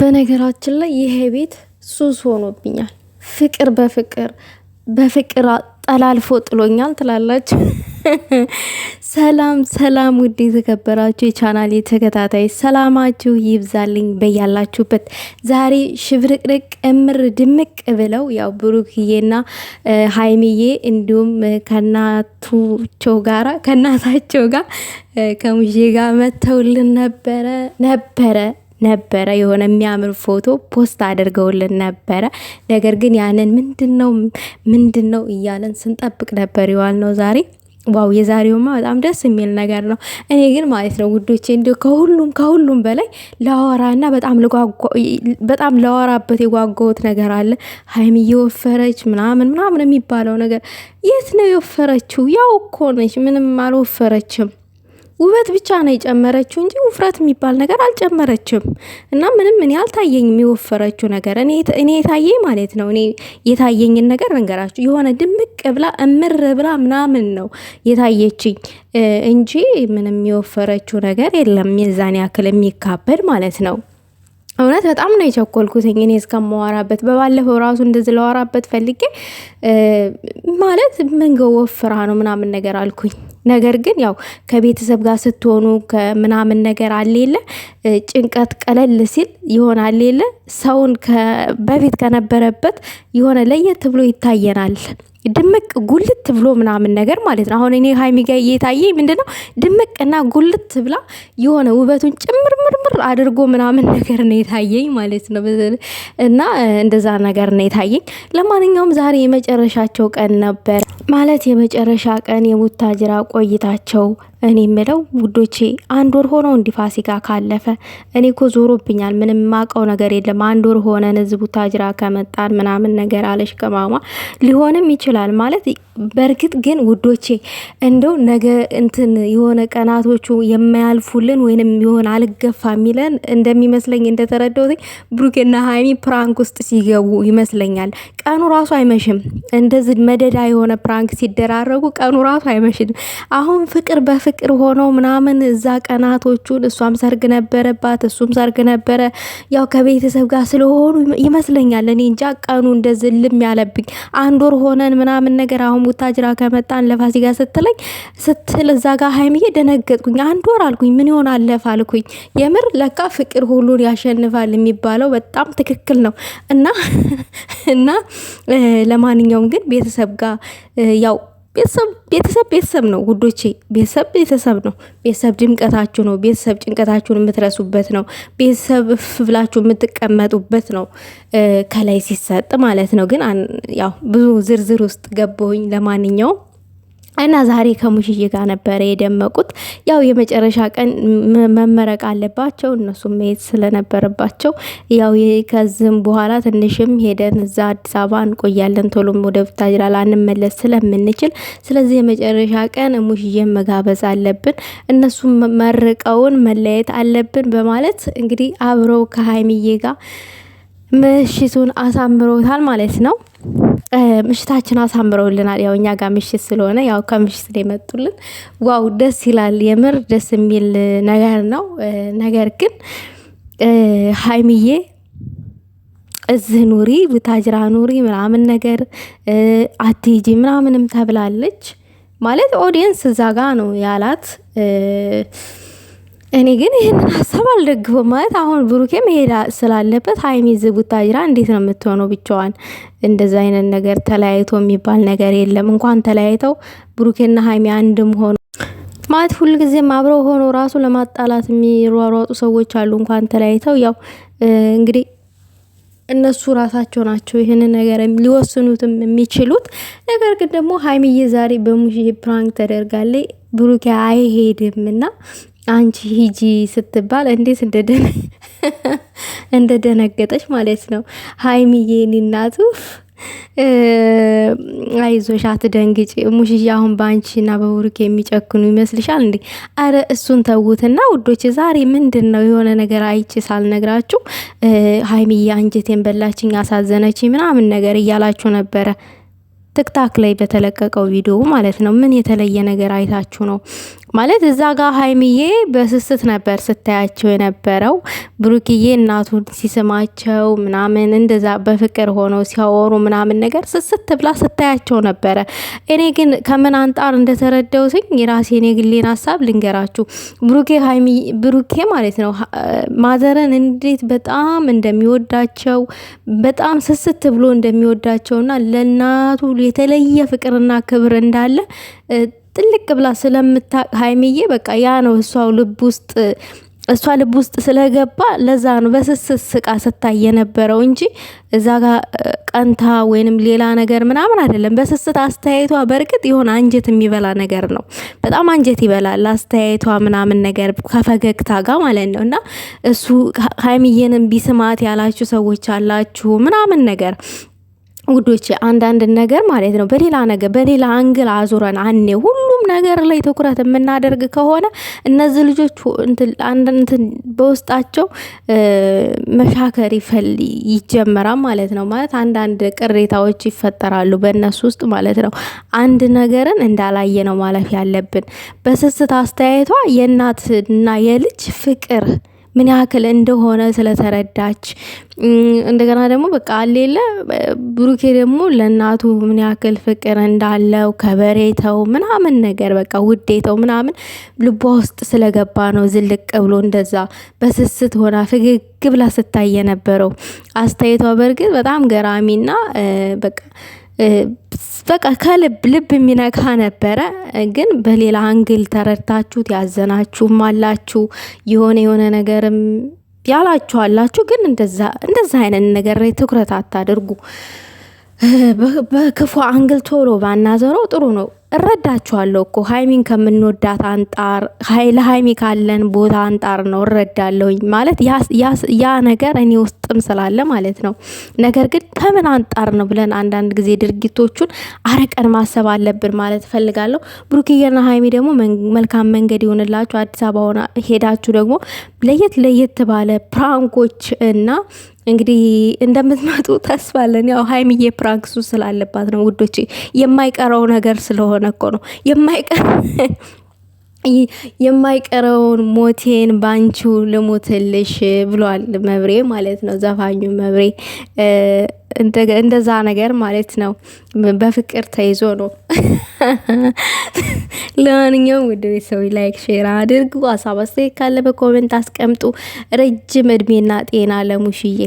በነገራችን ላይ ይሄ ቤት ሱስ ሆኖብኛል። ፍቅር በፍቅር በፍቅር ጠላልፎ ጥሎኛል ትላላችሁ። ሰላም ሰላም! ውድ የተከበራችሁ የቻናል ተከታታይ ሰላማችሁ ይብዛልኝ በያላችሁበት። ዛሬ ሽብርቅርቅ እምር ድምቅ ብለው ያው ብሩክዬና ሀይሚዬ እንዲሁም ከእናቱቸው ጋራ ከእናታቸው ጋር ከሙዤ ጋር መተውልን ነበረ ነበረ ነበረ። የሆነ የሚያምር ፎቶ ፖስት አድርገውልን ነበረ። ነገር ግን ያንን ምንድን ነው ምንድን ነው እያለን ስንጠብቅ ነበር ይዋል ነው ዛሬ ዋው የዛሬውማ በጣም ደስ የሚል ነገር ነው። እኔ ግን ማለት ነው ውዶቼ እንዲሁ ከሁሉም ከሁሉም በላይ ለአወራና በጣም ለዋራበት የጓጓሁት ነገር አለ። ሀይም እየወፈረች ምናምን ምናምን የሚባለው ነገር የት ነው የወፈረችው? ያው እኮ ነች፣ ምንም አልወፈረችም። ውበት ብቻ ነው የጨመረችው እንጂ ውፍረት የሚባል ነገር አልጨመረችም። እና ምንም እኔ አልታየኝም የወፈረችው ነገር እኔ የታየኝ ማለት ነው። እኔ የታየኝን ነገር ልንገራችሁ። የሆነ ድምቅ ብላ እምር ብላ ምናምን ነው የታየችኝ እንጂ ምንም የወፈረችው ነገር የለም። የዛን ያክል የሚካበድ ማለት ነው። እውነት በጣም ነው የቸኮልኩትኝ እኔ እስከማዋራበት በባለፈው ራሱ እንደዚህ ለዋራበት ፈልጌ ማለት መንገ ወፍራ ነው ምናምን ነገር አልኩኝ። ነገር ግን ያው ከቤተሰብ ጋር ስትሆኑ ከምናምን ነገር አሌለ ጭንቀት ቀለል ሲል ይሆን አለ ሰውን በፊት ከነበረበት የሆነ ለየት ብሎ ይታየናል። ድምቅ ጉልት ብሎ ምናምን ነገር ማለት ነው። አሁን እኔ ሀይሚ ጋ እየታየ ምንድነው ድምቅ እና ጉልት ብላ የሆነ ውበቱን ጭምር ምርምር አድርጎ ምናምን ነገር ነው የታየኝ ማለት ነው። እና እንደዛ ነገር ነው የታየኝ። ለማንኛውም ዛሬ የመጨረሻቸው ቀን ነበር ማለት የመጨረሻ ቀን የቡታጅራ ቆይታቸው እኔ የምለው ውዶቼ አንድ ወር ሆኖ እንዲ ፋሲካ ካለፈ እኔ እኮ ዞሮብኛል። ምንም ማቀው ነገር የለም። አንድ ወር ሆነን ህዝቡ ታጅራ ከመጣን ምናምን ነገር አለሽ። ቅማሟ ሊሆንም ይችላል ማለት በእርግጥ ግን ውዶቼ እንደው ነገ እንትን የሆነ ቀናቶቹ የማያልፉልን ወይንም የሆነ አልገፋ የሚለን እንደሚመስለኝ እንደተረዳሁት ብሩኬና ሀይሚ ፕራንክ ውስጥ ሲገቡ ይመስለኛል። ቀኑ ራሱ አይመሽም። እንደዚህ መደዳ የሆነ ፕራንክ ሲደራረጉ ቀኑ ራሱ አይመሽም። አሁን ፍቅር በፍቅር ሆነው ምናምን እዛ ቀናቶቹን እሷም ሰርግ ነበረባት፣ እሱም ሰርግ ነበረ። ያው ከቤተሰብ ጋር ስለሆኑ ይመስለኛል። እኔ እንጃ ቀኑ እንደዚህ ልም ያለብኝ አንድ ወር ሆነን ምናምን ነገር አሁን ሙታጅራ ከመጣን ለፋሲጋ ስትለኝ ስትል እዛ ጋር ሀይምዬ ደነገጥኩኝ። አንድ ወር አልኩኝ። ምን ይሆን አለፍ አልኩኝ። የምር ለካ ፍቅር ሁሉን ያሸንፋል የሚባለው በጣም ትክክል ነው እና እና ለማንኛውም ግን ቤተሰብ ጋር ያው ቤተሰብ ቤተሰብ ቤተሰብ ነው ውዶቼ። ቤተሰብ ቤተሰብ ነው። ቤተሰብ ድምቀታችሁ ነው። ቤተሰብ ጭንቀታችሁን የምትረሱበት ነው። ቤተሰብ ብላችሁ የምትቀመጡበት ነው። ከላይ ሲሰጥ ማለት ነው። ግን ያው ብዙ ዝርዝር ውስጥ ገባሁኝ። ለማንኛውም እና ዛሬ ከሙሽዬ ጋር ነበረ የደመቁት። ያው የመጨረሻ ቀን መመረቅ አለባቸው እነሱም መሄድ ስለነበረባቸው ያው ከዚህም በኋላ ትንሽም ሄደን እዛ አዲስ አበባ እንቆያለን፣ ቶሎም ወደ ቡታጅራ ላንመለስ ስለምንችል፣ ስለዚህ የመጨረሻ ቀን ሙሽዬን መጋበዝ አለብን፣ እነሱም መርቀውን መለየት አለብን በማለት እንግዲህ አብረው ከሀይሚዬ ጋር ምሽቱን አሳምሮታል ማለት ነው። ምሽታችን አሳምረውልናል። ያው እኛ ጋር ምሽት ስለሆነ ያው ከምሽት ነው የመጡልን። ዋው ደስ ይላል። የምር ደስ የሚል ነገር ነው። ነገር ግን ሀይሚዬ እዚህ ኑሪ ብታጅራ ኑሪ ምናምን ነገር አትሂጂ ምናምንም ተብላለች። ማለት ኦዲየንስ እዛ ጋ ነው ያላት። እኔ ግን ይህንን ሀሳብ አልደግፈም። ማለት አሁን ብሩኬ መሄድ ስላለበት ሀይሚ ቡታጅራ እንዴት ነው የምትሆነው ብቻዋን? እንደዚ አይነት ነገር ተለያይቶ የሚባል ነገር የለም። እንኳን ተለያይተው ብሩኬና ሀይሚ አንድም ሆኖ ማለት ጊዜ አብረው ሆኖ ራሱ ለማጣላት የሚሯሯጡ ሰዎች አሉ። እንኳን ተለያይተው ያው እንግዲህ እነሱ ራሳቸው ናቸው ይህን ነገር ሊወስኑትም የሚችሉት። ነገር ግን ደግሞ ሀይሚዬ ዛሬ በሙሽ ፕራንክ ተደርጋለች። ብሩኬ አይሄድም እና አንቺ ሂጂ ስትባል እንዴት እንደደነገጠች ማለት ነው። ሀይሚዬ እናቱ አይዞሽ አትደንግጭ፣ ሙሽዬ አሁን በአንቺና በቡሩክ የሚጨክኑ ይመስልሻል እንዴ? አረ እሱን ተዉትና ውዶች፣ ዛሬ ምንድን ነው የሆነ ነገር አይጭ ሳልነግራችሁ ሀይሚዬ አንጀቴን በላችኝ፣ አሳዘነች ምናምን ነገር እያላችሁ ነበረ ትክታክ ላይ በተለቀቀው ቪዲዮ ማለት ነው። ምን የተለየ ነገር አይታችሁ ነው ማለት እዛ ጋር ሀይሚዬ በስስት ነበር ስታያቸው የነበረው። ብሩክዬ እናቱን ሲስማቸው ምናምን እንደዛ በፍቅር ሆነው ሲያወሩ ምናምን ነገር ስስት ብላ ስታያቸው ነበረ። እኔ ግን ከምን አንጣር እንደተረዳውትኝ እኔ ግሌን ሀሳብ ልንገራችሁ። ብሩኬ ሀይሚ ብሩኬ ማለት ነው ማዘረን እንዴት በጣም እንደሚወዳቸው በጣም ስስት ብሎ እንደሚወዳቸውና ለእናቱ የተለየ ፍቅርና ክብር እንዳለ ጥልቅ ብላ ስለምታቅ ሀይሚዬ በቃ ያ ነው እሷው ልብ ውስጥ እሷ ልብ ውስጥ ስለገባ ለዛ ነው በስስት ስቃ ስታይ የነበረው እንጂ እዛ ጋ ቀንታ ወይንም ሌላ ነገር ምናምን አይደለም። በስስት አስተያየቷ በእርግጥ የሆነ አንጀት የሚበላ ነገር ነው። በጣም አንጀት ይበላል አስተያየቷ ምናምን ነገር ከፈገግታ ጋ ማለት ነው። እና እሱ ሀይሚዬንም ቢስማት ያላችሁ ሰዎች አላችሁ ምናምን ነገር ውዶች አንዳንድ ነገር ማለት ነው በሌላ ነገር በሌላ አንግል አዙረን አኔ ሁሉም ነገር ላይ ትኩረት የምናደርግ ከሆነ እነዚህ ልጆች በውስጣቸው መሻከር ይጀመራል ማለት ነው። ማለት አንዳንድ ቅሬታዎች ይፈጠራሉ በእነሱ ውስጥ ማለት ነው። አንድ ነገርን እንዳላየ ነው ማለፍ ያለብን። በስስት አስተያየቷ የእናትና የልጅ ፍቅር ምን ያክል እንደሆነ ስለተረዳች እንደገና ደግሞ በቃ አሌለ ብሩኬ ደግሞ ለእናቱ ምን ያክል ፍቅር እንዳለው ከበሬተው ምናምን ነገር በቃ ውዴተው ምናምን ልቧ ውስጥ ስለገባ ነው ዝልቅ ብሎ እንደዛ በስስት ሆና ፈገግ ብላ ስታይ የነበረው አስተያየቷ በእርግጥ በጣም ገራሚና በቃ በቃ ከልብ ልብ የሚነካ ነበረ። ግን በሌላ አንግል ተረድታችሁት ያዘናችሁም አላችሁ የሆነ የሆነ ነገርም ያላችሁ አላችሁ። ግን እንደዛ አይነት ነገር ላይ ትኩረት አታድርጉ። በክፉ አንግል ቶሎ ባናዘረው ጥሩ ነው። እረዳችኋለሁ እኮ ሀይሚን ከምንወዳት አንጣር ለሀይሚ ካለን ቦታ አንጣር ነው እረዳለሁኝ ማለት ያ ነገር እኔ ውስጥም ስላለ ማለት ነው። ነገር ግን ከምን አንጣር ነው ብለን አንዳንድ ጊዜ ድርጊቶቹን አረቀን ማሰብ አለብን ማለት እፈልጋለሁ። ብሩክዬና ሀይሚ ደግሞ መልካም መንገድ ይሆንላችሁ። አዲስ አበባ ሆና ሄዳችሁ ደግሞ ለየት ለየት ባለ ፕራንኮች እና እንግዲህ እንደምትመጡ ተስፋለን። ያው ሀይሚዬ ፕራንክሱ ስላለባት ነው ውዶቼ የማይቀረው ነገር ስለሆነ ስለሆነ እኮ ነው የማይቀር የማይቀረውን ሞቴን ባንቹ ልሞትልሽ ብሏል መብሬ ማለት ነው። ዘፋኙ መብሬ እንደዛ ነገር ማለት ነው። በፍቅር ተይዞ ነው። ለማንኛውም ውድ ቤተሰብ ላይክ፣ ሼር አድርጉ። ሀሳብ አስተያየት ካለ በኮሜንት አስቀምጡ። ረጅም እድሜና ጤና ለሙሽዬ